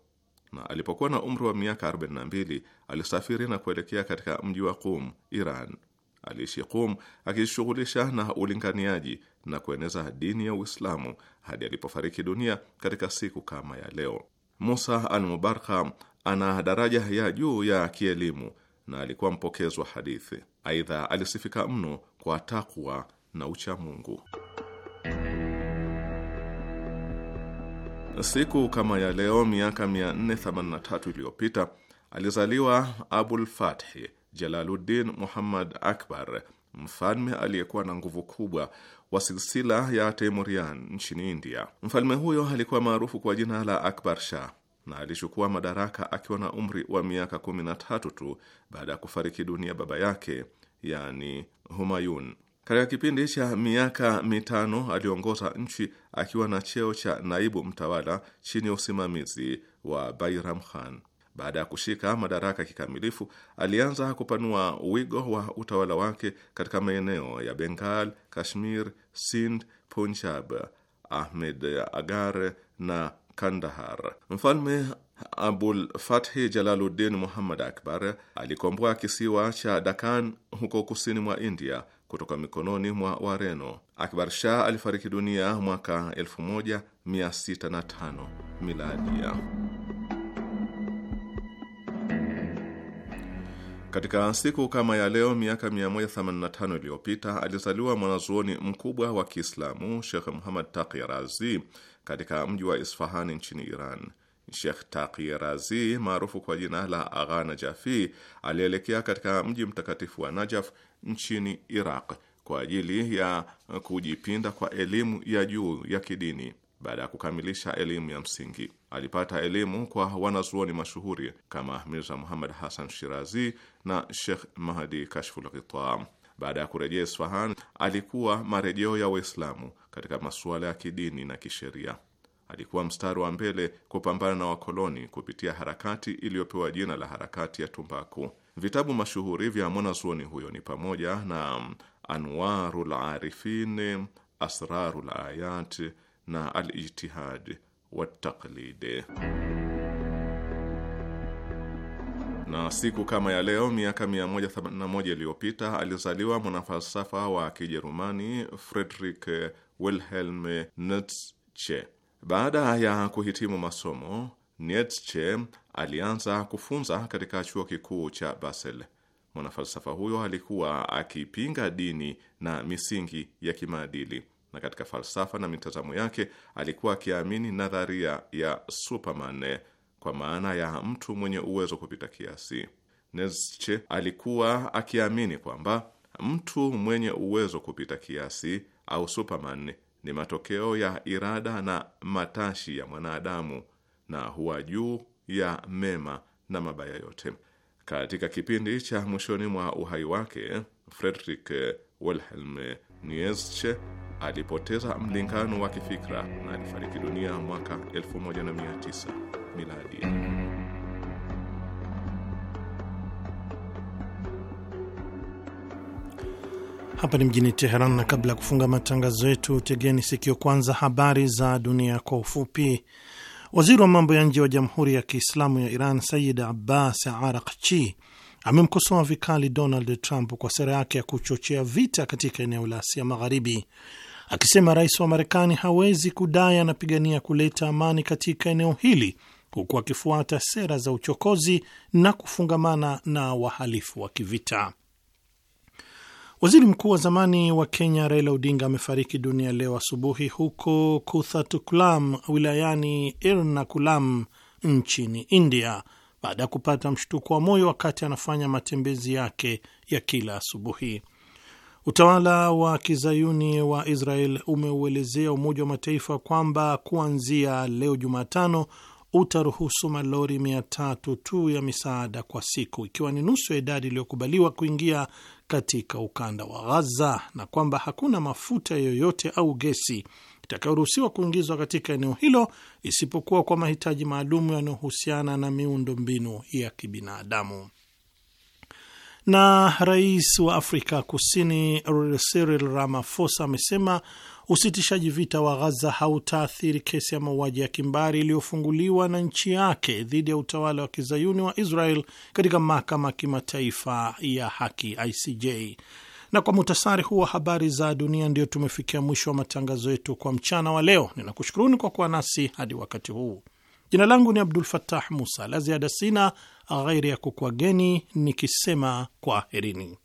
na alipokuwa na umri wa miaka 42 alisafiri na kuelekea katika mji wa Qum, Iran. Aliishi Qum akishughulisha na ulinganiaji na kueneza dini ya Uislamu hadi alipofariki dunia katika siku kama ya leo. Musa al-Mubarka ana daraja ya juu ya kielimu na alikuwa mpokezi wa hadithi. Aidha, alisifika mno kwa takwa na uchamungu. Siku kama ya leo miaka 483 iliyopita alizaliwa Abul Fathi Jalaluddin Muhammad Akbar, mfalme aliyekuwa na nguvu kubwa wa silsila ya temurian nchini India. Mfalme huyo alikuwa maarufu kwa jina la Akbar Shah na alichukua madaraka akiwa na umri wa miaka 13 tu baada ya kufariki dunia baba yake, yani Humayun. Katika kipindi cha miaka mitano aliongoza nchi akiwa na cheo cha naibu mtawala chini ya usimamizi wa Bayram Khan. Baada ya kushika madaraka kikamilifu, alianza kupanua wigo wa utawala wake katika maeneo ya Bengal, Kashmir, Sind, Punjab, Ahmed Agar na Kandahar. Mfalme Abul Fathi Jalaluddin Muhammad Akbar alikomboa kisiwa cha Dakan huko kusini mwa India kutoka mikononi mwa Wareno. Akbar Shah alifariki dunia mwaka 1605 miladia. Katika siku kama ya leo miaka 185 iliyopita alizaliwa mwanazuoni mkubwa wa Kiislamu Shekh Muhammad Taqi Razi katika mji wa Isfahani nchini Iran. Shekh Taqi Razi maarufu kwa jina la Agha Najafi alielekea katika mji mtakatifu wa Najaf nchini Iraq kwa ajili ya kujipinda kwa elimu ya juu ya kidini baada ya kukamilisha elimu ya msingi. Alipata elimu kwa wanazuoni mashuhuri kama Mirza Muhammad Hassan Shirazi na Sheikh Mahdi Kashful Ghitam. Baada ya kurejea Isfahan, alikuwa marejeo ya Waislamu katika masuala ya kidini na kisheria. Alikuwa mstari wa mbele kupambana na wakoloni kupitia harakati iliyopewa jina la harakati ya tumbaku. Vitabu mashuhuri vya mwanazuoni huyo ni pamoja na Anwarul Arifin, Asrarul Ayat na alijtihad wa taqlid. Na siku kama ya leo miaka 181 iliyopita alizaliwa mwanafalsafa wa Kijerumani Friedrich Wilhelm Nietzsche. Baada ya kuhitimu masomo, Nietzsche alianza kufunza katika chuo kikuu cha Basel. Mwanafalsafa huyo alikuwa akipinga dini na misingi ya kimaadili na katika falsafa na mitazamo yake alikuwa akiamini nadharia ya Superman kwa maana ya mtu mwenye uwezo kupita kiasi. Nietzsche alikuwa akiamini kwamba mtu mwenye uwezo kupita kiasi au Superman ni matokeo ya irada na matashi ya mwanadamu na huwa juu ya mema na mabaya yote. Katika kipindi cha mwishoni mwa uhai wake, Friedrich Wilhelm Nietzsche alipoteza mlingano wa kifikra na alifariki dunia mwaka 1900 miladi. Hapa ni mjini Teheran, na kabla ya kufunga matangazo yetu, tegeni sikio kwanza habari za dunia kwa ufupi. Waziri wa mambo ya nje wa Jamhuri ya Kiislamu ya Iran Sayyid Abbas Arakchi amemkosoa vikali Donald Trump kwa sera yake ya kuchochea vita katika eneo la Asia Magharibi akisema rais wa Marekani hawezi kudai anapigania kuleta amani katika eneo hili huku akifuata sera za uchokozi na kufungamana na wahalifu wa kivita. Waziri mkuu wa zamani wa Kenya Raila Odinga amefariki dunia leo asubuhi huko kuthatukulam wilayani Ernakulam nchini India baada ya kupata mshtuko wa moyo wakati anafanya matembezi yake ya kila asubuhi. Utawala wa kizayuni wa Israel umeuelezea Umoja wa Mataifa kwamba kuanzia leo Jumatano utaruhusu malori mia tatu tu ya misaada kwa siku, ikiwa ni nusu ya idadi iliyokubaliwa kuingia katika ukanda wa Ghaza, na kwamba hakuna mafuta yoyote au gesi itakayoruhusiwa kuingizwa katika eneo hilo isipokuwa kwa mahitaji maalumu yanayohusiana na miundo mbinu ya kibinadamu. Na rais wa Afrika Kusini Cyril Ramaphosa amesema usitishaji vita wa Ghaza hautaathiri kesi ya mauaji ya kimbari iliyofunguliwa na nchi yake dhidi ya utawala wa kizayuni wa Israel katika mahakama ya kimataifa ya haki ICJ. Na kwa mutasari huu wa habari za dunia, ndio tumefikia mwisho wa matangazo yetu kwa mchana wa leo. Ninakushukuruni kwa kuwa nasi hadi wakati huu. Jina langu ni Abdul Fattah Musa. La ziada sina ghairi ya kukwageni nikisema kwaherini.